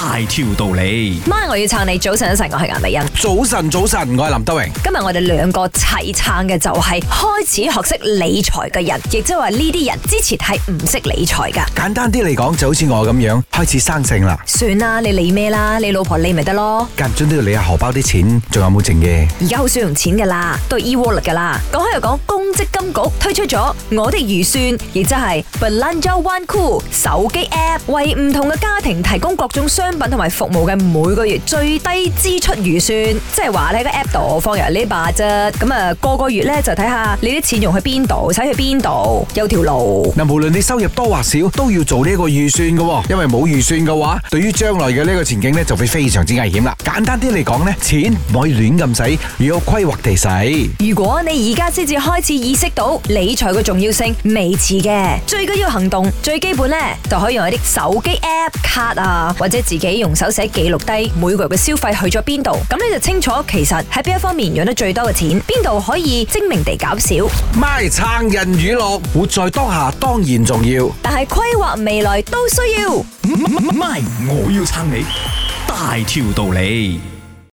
大條道理，媽，我要撐你。早晨，早晨，我係顏美欣。早晨，早晨，我係林德榮。今日我哋兩個齊撐嘅就係開始學識理財嘅人，亦即係話呢啲人之前係唔識理財噶。簡單啲嚟講，就好似我咁樣開始生性啦。算啦，你理咩啦？你老婆理咪得咯？間唔中都要理下荷包啲錢，仲有冇剩嘅？而家好少用錢噶啦，都係 e wallet 噶啦。講開又講，公積金局推出咗我哋預算，亦即係 b n One Cool 手機 app，為唔同嘅家庭提供各種相，商品同埋服務嘅每個月最低支出預算，即係話你喺個 app 度放入呢把啫。咁啊，個個月咧就睇下你啲錢用去邊度，使去邊度，有條路。嗱，無論你收入多或少，都要做呢一個預算噶。因為冇預算嘅話，對於將來嘅呢個前景咧就會非常之危險啦。簡單啲嚟講咧，錢唔可以亂咁使，要有規劃地使。如果你而家先至開始意識到理財嘅重要性，未遲嘅。最緊要行動，最基本咧就可以用一啲手機 app 卡啊，或者自己用手寫記錄低每個月嘅消費去咗邊度，咁你就清楚其實喺邊一方面用得最多嘅錢，邊度可以精明地減少。咪撐人娛樂，活在當下當然重要，但係規劃未來都需要。咪我要撐你，大條道理。